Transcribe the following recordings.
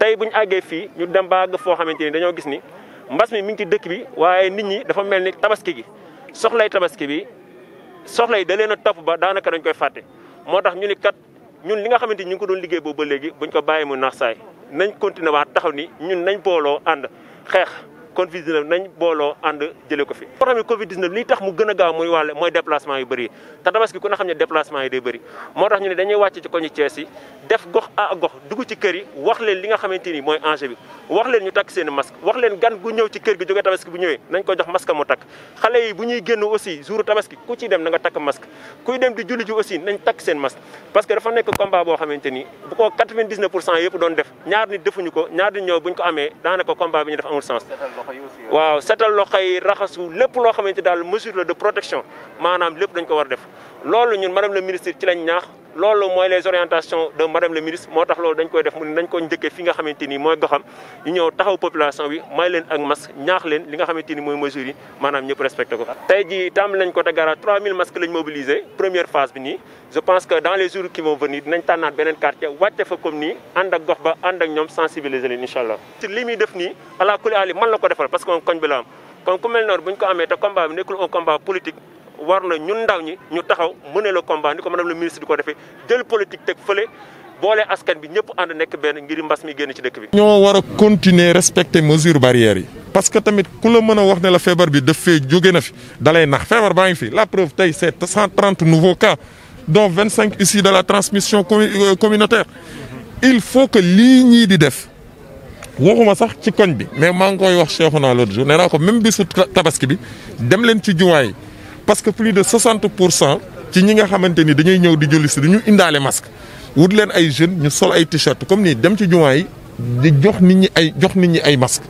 tey bu ñu àggee fii ñu dem ba àgg foo xamante ni dañoo gis ni mbas mi mi ngi ci dëkk bi waaye nit ñi dafa mel ni tabaski gi soxlay tabaski bi soxla yi da leen topp ba daanaka dañ koy fàtte moo tax ñu ni kat ñun li nga xamante ñu ngi ko doon liggéey boobu ba léegi buñ ko bàyyi mu nax saay nañ continuer wax taxaw ni ñun nañ booloo ànd xeex. Covid 19 nañ booloo ànd jëlee ko fi. problème Covid 19 li tax mu gën a gaaw muy wàlle mooy déplacement yu bëri yi te tabaski ku ne xam ne déplacement yi day bëri moo tax ñu ne dañuy wàcc ci yi def gox à gox dugg ci kër yi wax leen li nga xamante ni mooy enjeu bi wax leen ñu takk seen masque wax leen gan gu ñëw ci kër gi jógee tabaski bu ñëwee nañ ko jox masque mu takk xale yi bu ñuy génn aussi jour tabaski ku ciy dem na nga takk masque kuy dem di julli ji aussi nañ takk seen masque parce que ni bu ko 99 pour cent yëpp doon def ñaar nit defuñu ko ñaar waaw setal loxo yi raxasu lépp loo xamante daal mesure la de protection maanaam lépp dañ ko war def loolu ñun madame le ministre ci lañ ñaax loolu mooy les orientations de madame le ministre moo tax loolu dañ koy def mu ne dañ ko njëkkee fi nga xamante ni mooy goxam ñu ñëw taxaw population bi may leen ak masque ñaax leen li nga xamante ni mooy mesures yi maanaam ñëpp respecté ko tey ji tàmbali nañ ko te gara 3000 masques lañ mobilisé première phase bi nii je pense que dans les jours qui vont venir dinañ tànnaat beneen quartier wàcce fa comme nii ànd ak gox ba ànd ak ñoom sensibiliser leen incha allah ci li muy def nii ala kuli ali man la ko defal parce que moom koñ bi la am comme ku mel noonu bu ñu ko amee te combat bi nekkul un combat politique war na ñun ndaw ñi ñu taxaw mener le combat ni ko madame le ministre di ko defee jël politique teg fële bolé askan bi ñëpp and nekk benn ngir mbass mi génn ci dëkk bi. ñoo wara continuer respecter mesure barrière yi. parce que tamit ku la mëna wax né la fièvre bi def fé jogé na fi dalay nax fièvre baa fi la preuve tay c'est 130 nouveaux cas dont 25 ici de la transmission euh, communautaire. il faut que li ñi di def. waxuma sax ci koñ bi mais ma ngoy wax Cheikhouna l'autre jour né naa ko même bisu tabaski bi dem leen ci juwaay parce que plus de 60 ci ñi nga xamante ni dañuy ñëw di julli si dañu indalé masque wut leen ay jeunes ñu sol ay t-shirt comme ni dem ci juma yi di jox nit ñi ay jox nit ñi ay masque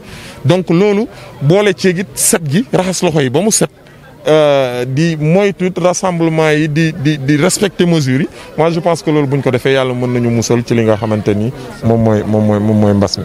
donc loolu boole ci git set gi raxas loxo yi ba mu set. Euh, di moytu rassemblement yi di di di respecter mesures yi moi je pense que loolu buñ ko defee yàlla mën nañu musal ci li nga xamante ni moom mooy moom mooy moom mooy mbas mi.